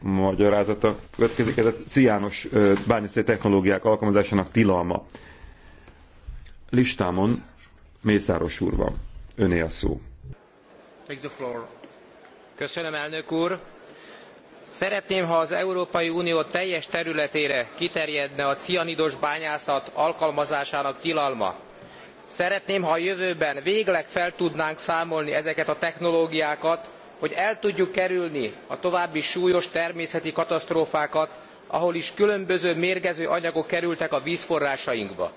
magyarázata következik, ez a ciános bányászati technológiák alkalmazásának tilalma. Listámon Mészáros úr van. Öné a szó. Take the floor. Köszönöm, elnök úr. Szeretném, ha az Európai Unió teljes területére kiterjedne a cianidos bányászat alkalmazásának tilalma. Szeretném, ha a jövőben végleg fel tudnánk számolni ezeket a technológiákat, hogy el tudjuk kerülni a további súlyos természeti katasztrófákat ahol is különböző mérgező anyagok kerültek a vzforrásainkba.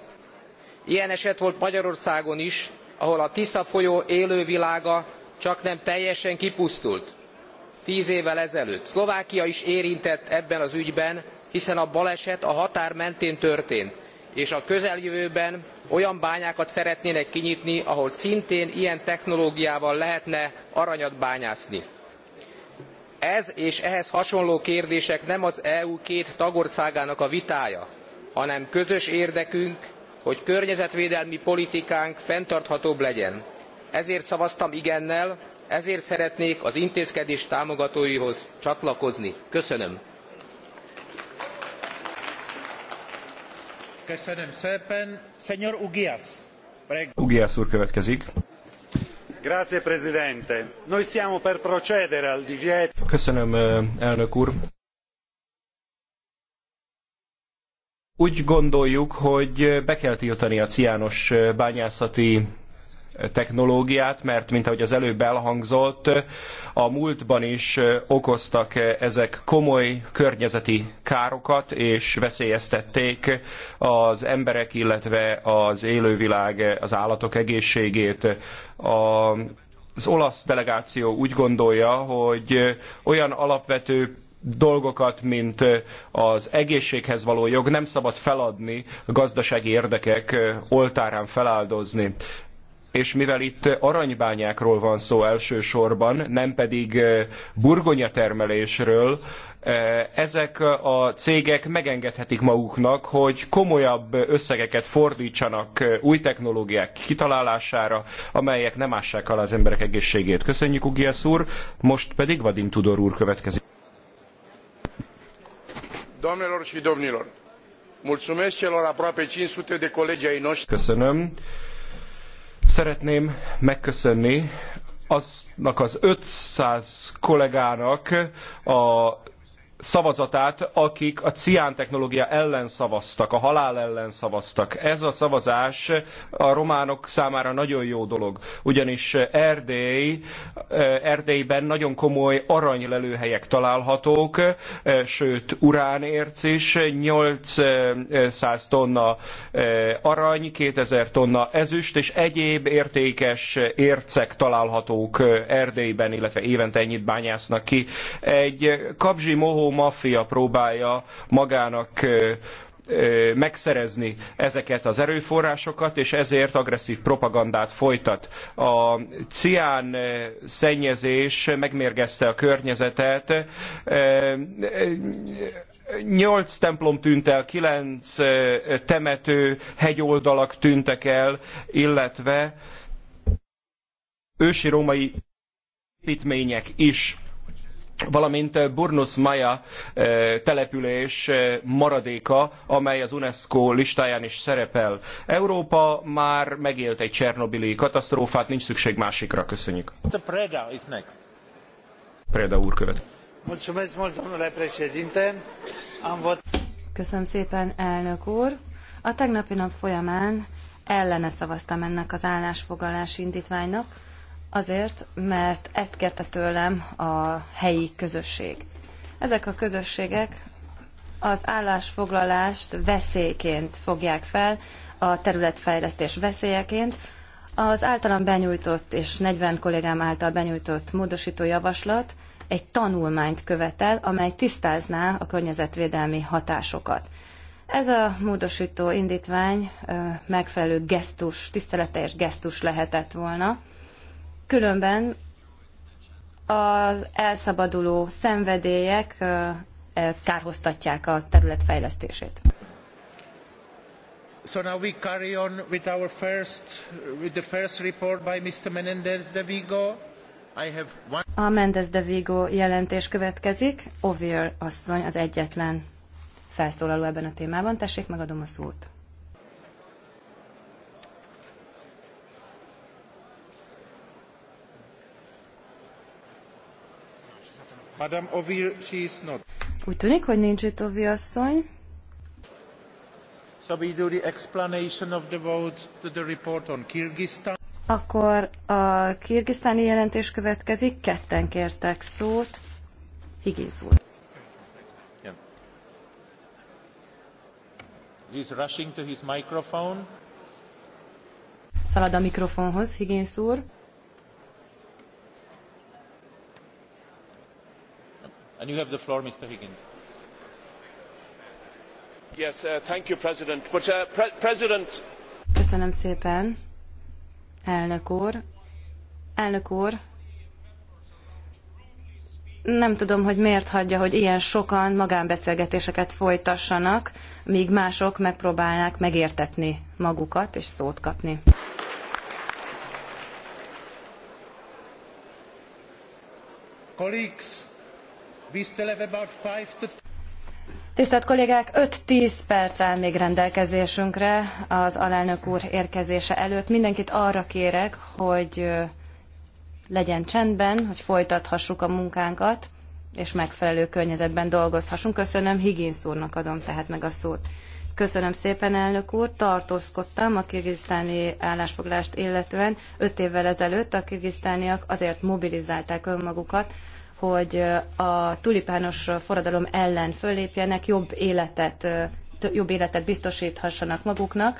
ilyen eset volt magyarországon is ahol a tisza folyó élővilága csaknem teljesen kipusztult tz évvel ezelőtt. szlovákia is érintett ebben az ügyben hiszen a baleset a határ mentén történt és a közeljövőben olyan bányákat szeretnének kinyitni, ahol szintén ilyen technológiával lehetne aranyat bányászni. Ez és ehhez hasonló kérdések nem az EU két tagországának a vitája, hanem közös érdekünk, hogy környezetvédelmi politikánk fenntarthatóbb legyen. Ezért szavaztam igennel, ezért szeretnék az intézkedés támogatóihoz csatlakozni. Köszönöm. Köszönöm szépen. Senyor Ugias. Ugias úr következik. Grazie, Presidente. Noi siamo per procedere al divieto. Köszönöm, eh, elnök úr. Úgy gondoljuk, hogy be kell tiltani a ciános eh, bányászati technológiát, mert mint ahogy az előbb elhangzott, a múltban is okoztak ezek komoly környezeti károkat, és veszélyeztették az emberek, illetve az élővilág, az állatok egészségét. A, az olasz delegáció úgy gondolja, hogy olyan alapvető dolgokat, mint az egészséghez való jog nem szabad feladni, a gazdasági érdekek oltárán feláldozni és mivel itt aranybányákról van szó elsősorban, nem pedig eh, termelésről, eh, ezek a cégek megengedhetik maguknak, hogy komolyabb összegeket fordítsanak eh, új technológiák kitalálására, amelyek nem ássák alá az emberek egészségét. Köszönjük, Ugiász úr! Most pedig Vadim Tudor úr következik. Doamnelor și domnilor, mulțumesc celor aproape 500 de colegi ai noștri. Köszönöm. Szeretném megköszönni aznak az 500 kollégának a szavazatát, akik a cián technológia ellen szavaztak, a halál ellen szavaztak. Ez a szavazás a románok számára nagyon jó dolog, ugyanis Erdély, Erdélyben nagyon komoly aranylelőhelyek találhatók, sőt uránérc is, 800 tonna arany, 2000 tonna ezüst és egyéb értékes ércek találhatók Erdélyben, illetve évente ennyit bányásznak ki. Egy kapzsi mohó mafia próbálja magának megszerezni ezeket az erőforrásokat, és ezért agresszív propagandát folytat. A cián szennyezés megmérgezte a környezetet. Nyolc templom tűnt el, kilenc temető, hegyoldalak tűntek el, illetve ősi római építmények is valamint Burnus Maja település maradéka, amely az UNESCO listáján is szerepel. Európa már megélt egy csernobili katasztrófát, nincs szükség másikra. Köszönjük. Preda is next. Preda úr követ. Köszönöm szépen, elnök úr. A tegnapi nap folyamán ellene szavaztam ennek az állásfoglalás indítványnak, Azért, mert ezt kérte tőlem a helyi közösség. Ezek a közösségek az állásfoglalást veszélyként fogják fel, a területfejlesztés veszélyeként. Az általam benyújtott és 40 kollégám által benyújtott módosító javaslat egy tanulmányt követel, amely tisztázná a környezetvédelmi hatásokat. Ez a módosító indítvány megfelelő gesztus, tiszteleteljes gesztus lehetett volna, Különben az elszabaduló szenvedélyek kárhoztatják a terület fejlesztését. So now we carry on with our first, with the first report by Mr. Menendez de Vigo. I have one... A Mendez de Vigo jelentés következik. Ovier asszony az egyetlen felszólaló ebben a témában. Tessék, megadom a szót. Madame Ovir, she is not. Úgy tűnik, hogy nincs itt Ovi asszony. So we do the explanation of the votes to the report on Kyrgyzstan. Akkor a kirgisztáni jelentés következik, ketten kértek szót. Higgins úr. Yeah. He's rushing to his microphone. Szalad a mikrofonhoz, Higgins úr. Köszönöm szépen, elnök úr. Elnök úr, nem tudom, hogy miért hagyja, hogy ilyen sokan magánbeszélgetéseket folytassanak, míg mások megpróbálnák megértetni magukat és szót kapni. Tisztelt kollégák, 5-10 perc áll még rendelkezésünkre az alelnök úr érkezése előtt. Mindenkit arra kérek, hogy legyen csendben, hogy folytathassuk a munkánkat, és megfelelő környezetben dolgozhassunk. Köszönöm, Higgins úrnak adom tehát meg a szót. Köszönöm szépen, elnök úr. Tartózkodtam a kirgisztáni állásfoglalást illetően. Öt évvel ezelőtt a kirgisztániak azért mobilizálták önmagukat, hogy a tulipános forradalom ellen föllépjenek, jobb életet, jobb életet biztosíthassanak maguknak.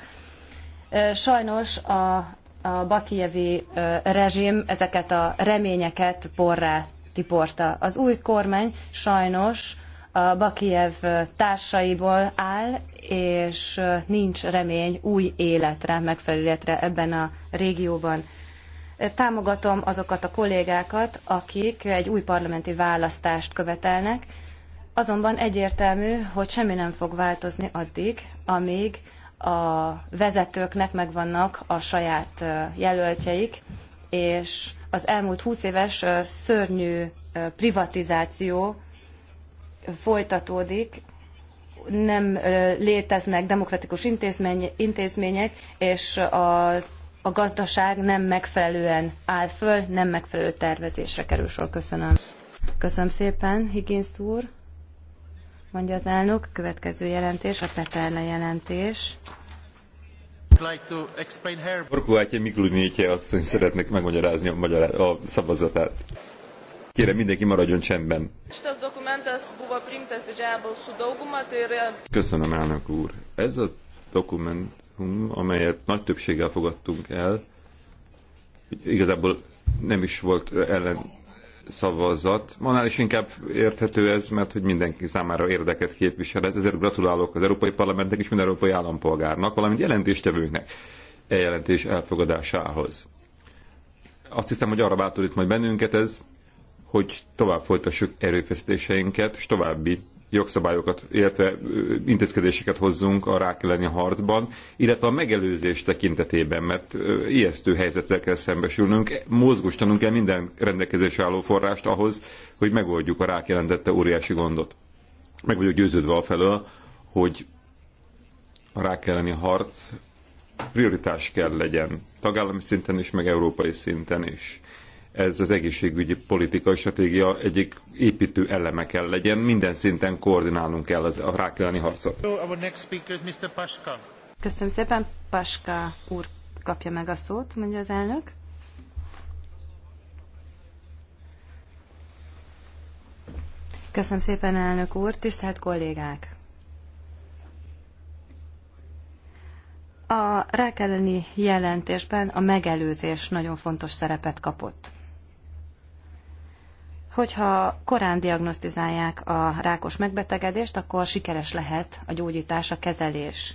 Sajnos a, a bakijevi rezsim ezeket a reményeket porrá tiporta. Az új kormány sajnos a Bakijev társaiból áll, és nincs remény új életre, megfelelő életre ebben a régióban. Támogatom azokat a kollégákat, akik egy új parlamenti választást követelnek, azonban egyértelmű, hogy semmi nem fog változni addig, amíg a vezetőknek megvannak a saját jelöltjeik, és az elmúlt 20 éves szörnyű privatizáció folytatódik, nem léteznek demokratikus intézmények, és az a gazdaság nem megfelelően áll föl, nem megfelelő tervezésre kerül sor. Köszönöm. Köszönöm szépen, Higgins úr. Mondja az elnök, következő jelentés, a Peterle jelentés. Orkulátja Mikluniétje asszony szeretnék megmagyarázni a, magyar, a szavazatát. Kérem, mindenki maradjon csendben. Köszönöm, elnök úr. Ez a dokument kompromisszum, amelyet nagy többséggel fogadtunk el, igazából nem is volt ellen szavazat. Manál is inkább érthető ez, mert hogy mindenki számára érdeket képvisel. Ez, ezért gratulálok az Európai Parlamentnek és minden európai állampolgárnak, valamint jelentéstevőknek e jelentés elfogadásához. Azt hiszem, hogy arra bátorít majd bennünket ez, hogy tovább folytassuk erőfeszítéseinket, és további jogszabályokat, illetve intézkedéseket hozzunk a rák elleni harcban, illetve a megelőzés tekintetében, mert ijesztő helyzettel kell szembesülnünk, mozgostanunk kell minden rendelkezésre álló forrást ahhoz, hogy megoldjuk a rák jelentette óriási gondot. Meg vagyok győződve felől, hogy a rák elleni harc prioritás kell legyen, tagállami szinten is, meg európai szinten is ez az egészségügyi politikai stratégia egyik építő eleme kell legyen. Minden szinten koordinálnunk kell az, a rák elleni harcot. Köszönöm szépen. Paska úr kapja meg a szót, mondja az elnök. Köszönöm szépen, elnök úr, tisztelt kollégák! A rák elleni jelentésben a megelőzés nagyon fontos szerepet kapott. Hogyha korán diagnosztizálják a rákos megbetegedést, akkor sikeres lehet a gyógyítás, a kezelés.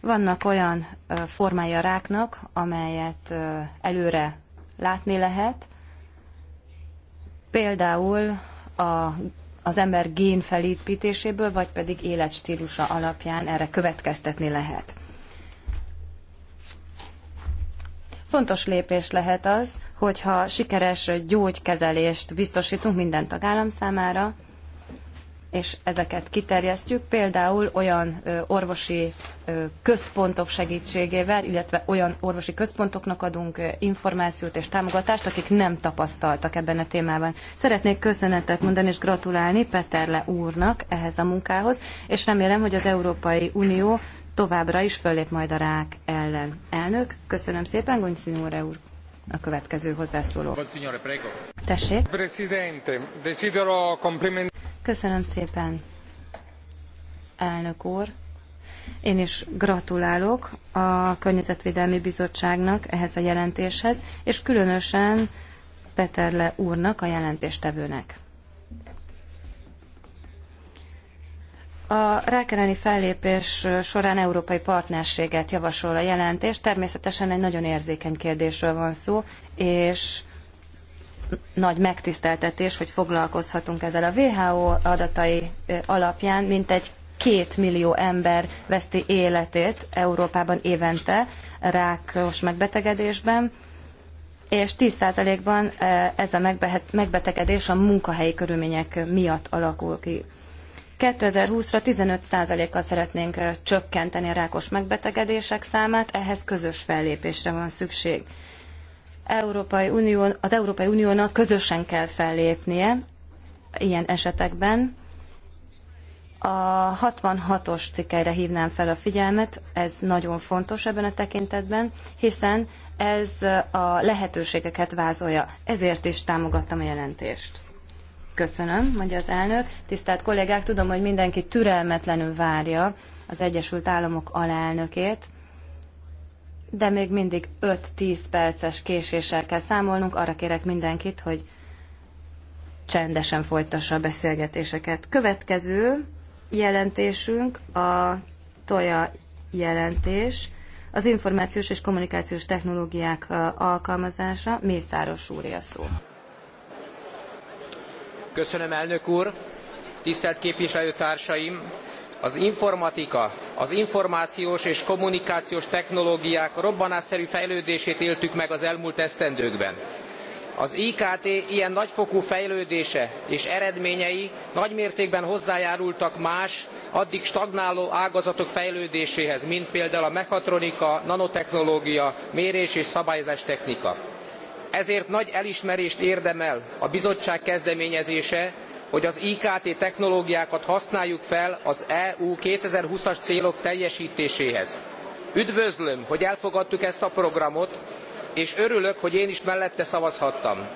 Vannak olyan formája a ráknak, amelyet előre látni lehet, például a, az ember génfelépítéséből, vagy pedig életstílusa alapján erre következtetni lehet. Fontos lépés lehet az, hogyha sikeres gyógykezelést biztosítunk minden tagállam számára, és ezeket kiterjesztjük, például olyan orvosi központok segítségével, illetve olyan orvosi központoknak adunk információt és támogatást, akik nem tapasztaltak ebben a témában. Szeretnék köszönetet mondani és gratulálni Peterle úrnak ehhez a munkához, és remélem, hogy az Európai Unió továbbra is föllép majd a rák ellen. Elnök, köszönöm szépen, Gonyszínóra úr. A következő hozzászóló. Tessék. Köszönöm szépen, elnök úr. Én is gratulálok a Környezetvédelmi Bizottságnak ehhez a jelentéshez, és különösen Peterle úrnak, a jelentéstevőnek. A rákeleni fellépés során európai partnerséget javasol a jelentés. Természetesen egy nagyon érzékeny kérdésről van szó, és nagy megtiszteltetés, hogy foglalkozhatunk ezzel. A WHO adatai alapján mintegy két millió ember veszti életét Európában évente rákos megbetegedésben, és 10%-ban ez a megbetegedés a munkahelyi körülmények miatt alakul ki. 2020-ra 15%-kal szeretnénk csökkenteni a rákos megbetegedések számát, ehhez közös fellépésre van szükség. Európai Unió, az Európai Uniónak közösen kell fellépnie ilyen esetekben. A 66-os cikkeire hívnám fel a figyelmet, ez nagyon fontos ebben a tekintetben, hiszen ez a lehetőségeket vázolja. Ezért is támogattam a jelentést. Köszönöm, mondja az elnök. Tisztelt kollégák, tudom, hogy mindenki türelmetlenül várja az Egyesült Államok alelnökét, de még mindig 5-10 perces késéssel kell számolnunk. Arra kérek mindenkit, hogy csendesen folytassa a beszélgetéseket. Következő jelentésünk a TOJA jelentés, az információs és kommunikációs technológiák alkalmazása. Mészáros úr a szó. Köszönöm, elnök úr! Tisztelt képviselőtársaim! Az informatika, az információs és kommunikációs technológiák robbanásszerű fejlődését éltük meg az elmúlt esztendőkben. Az IKT ilyen nagyfokú fejlődése és eredményei nagymértékben hozzájárultak más, addig stagnáló ágazatok fejlődéséhez, mint például a mechatronika, nanotechnológia, mérés és szabályozás technika ezért nagy elismerést érdemel a bizottság kezdeményezése hogy az ikt technológiákat használjuk fel az eu two thousand and twenty as célok teljestéséhez. üdvözlöm hogy elfogadtuk ezt a programot és örülök hogy én is mellette szavazhattam.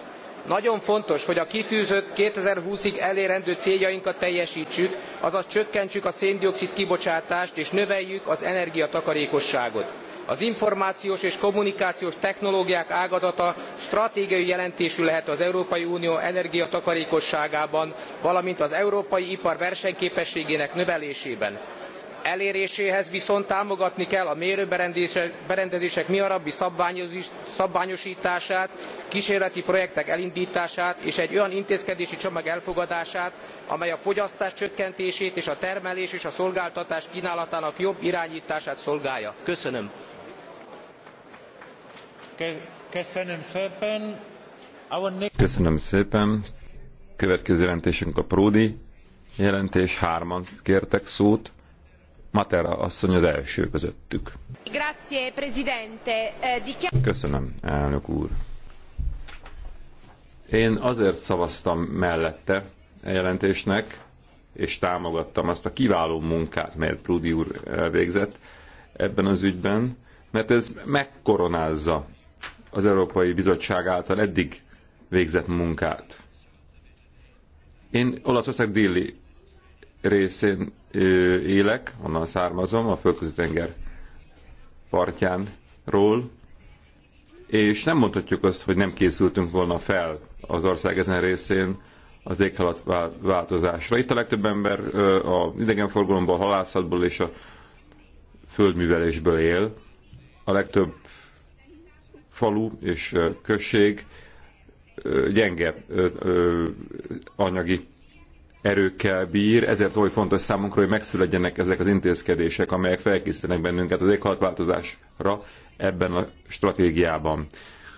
nagyon fontos hogy a kitűzött two thousand and twenty ig elérendő céljainkat teljestsük azaz csökkentsük a szén dioxid kibocsátást és növeljük az energiatakarékosságot az információs és kommunikációs technológiák ágazata stratégiai jelentésű lehet az európai unió energiatakarékosságában valamint az európai ipar versenyképességének növelésében. eléréséhez viszont támogatni kell a mérőberendezések mihamarabbi szabványostását ksérleti projektek elindtását és egy olyan intézkedési csomag elfogadását amely a fogyasztás csökkentését és a termelés és a szolgáltatás knálatának jobb iránytását szolgálja. köszönöm. Köszönöm szépen. Köszönöm szépen. Következő jelentésünk a Pródi jelentés. Hárman kértek szót. Matera asszony az első közöttük. Grazie, Presidente. Eh, Köszönöm, elnök úr. Én azért szavaztam mellette a jelentésnek, és támogattam azt a kiváló munkát, melyet Prudi úr végzett ebben az ügyben, mert ez megkoronázza az Európai Bizottság által eddig végzett munkát. Én Olaszország déli részén élek, onnan származom, a Földközi-tenger partjánról, és nem mondhatjuk azt, hogy nem készültünk volna fel az ország ezen részén az éghajlat változásra. Itt a legtöbb ember a idegenforgalomból, halászatból és a földművelésből él. A legtöbb falu és község gyenge anyagi erőkkel bír, ezért oly fontos számunkra, hogy megszületjenek ezek az intézkedések, amelyek felkészítenek bennünket az éghajlatváltozásra ebben a stratégiában.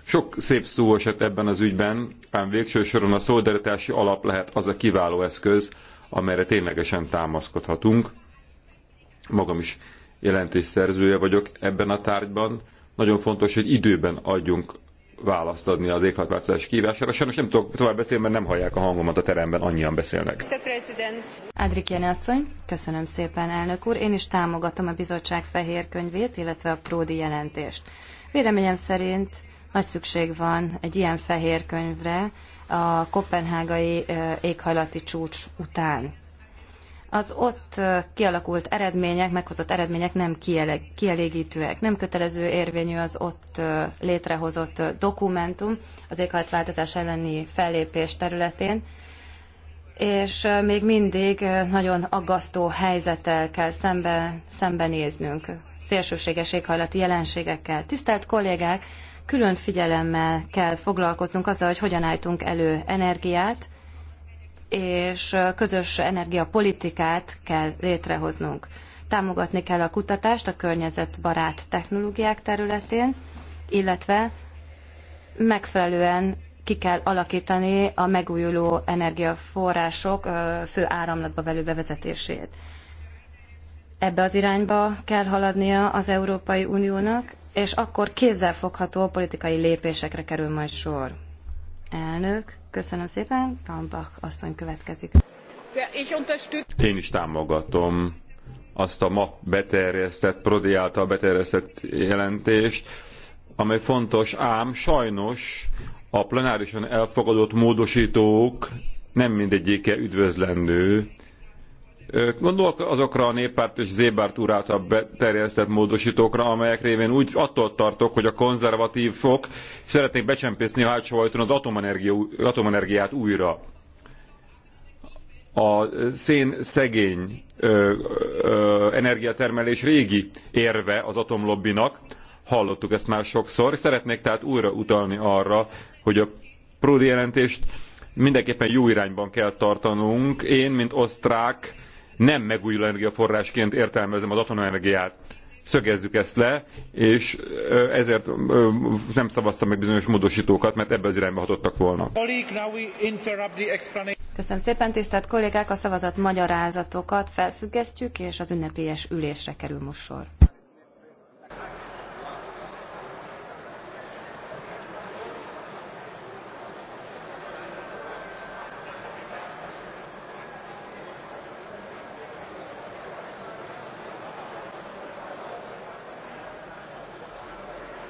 Sok szép szó esett ebben az ügyben, ám végső soron a szolidaritási alap lehet az a kiváló eszköz, amelyre ténylegesen támaszkodhatunk. Magam is jelentés szerzője vagyok ebben a tárgyban, nagyon fontos, hogy időben adjunk választ adni az éghajlatváltozás kívására. Sajnos nem tudok tovább beszélni, mert nem hallják a hangomat a teremben, annyian beszélnek. Adrik asszony, köszönöm szépen, elnök úr. Én is támogatom a bizottság fehér könyvét, illetve a Pródi jelentést. Véleményem szerint nagy szükség van egy ilyen fehér könyvre a kopenhágai éghajlati csúcs után az ott kialakult eredmények, meghozott eredmények nem kielégítőek, nem kötelező érvényű az ott létrehozott dokumentum az éghajlatváltozás elleni fellépés területén, és még mindig nagyon aggasztó helyzettel kell szembe, szembenéznünk, szélsőséges éghajlati jelenségekkel. Tisztelt kollégák, külön figyelemmel kell foglalkoznunk azzal, hogy hogyan állítunk elő energiát, és közös energiapolitikát kell létrehoznunk. Támogatni kell a kutatást a környezetbarát technológiák területén, illetve megfelelően ki kell alakítani a megújuló energiaforrások fő áramlatba velő bevezetését. Ebbe az irányba kell haladnia az Európai Uniónak, és akkor kézzelfogható politikai lépésekre kerül majd sor. Elnök, köszönöm szépen. Rambach asszony következik. Én is támogatom azt a ma beterjesztett, Prodi által beterjesztett jelentést, amely fontos, ám sajnos a plenárison elfogadott módosítók nem mindegyike üdvözlendő, Gondolok azokra a néppárt és Zébárt úr által beterjesztett módosítókra, amelyek révén úgy attól tartok, hogy a konzervatívok szeretnék becsempészni a hátsó ajtón az atomenergiát újra. A szén szegény ö, ö, energiatermelés régi érve az atomlobbinak, hallottuk ezt már sokszor, szeretnék tehát újra utalni arra, hogy a Prodi jelentést mindenképpen jó irányban kell tartanunk. Én, mint osztrák, nem megújuló energiaforrásként értelmezem az atomenergiát. Szögezzük ezt le, és ezért nem szavaztam meg bizonyos módosítókat, mert ebbe az irányba hatottak volna. Köszönöm szépen, tisztelt kollégák! A szavazat magyarázatokat felfüggesztjük, és az ünnepélyes ülésre kerül most sor.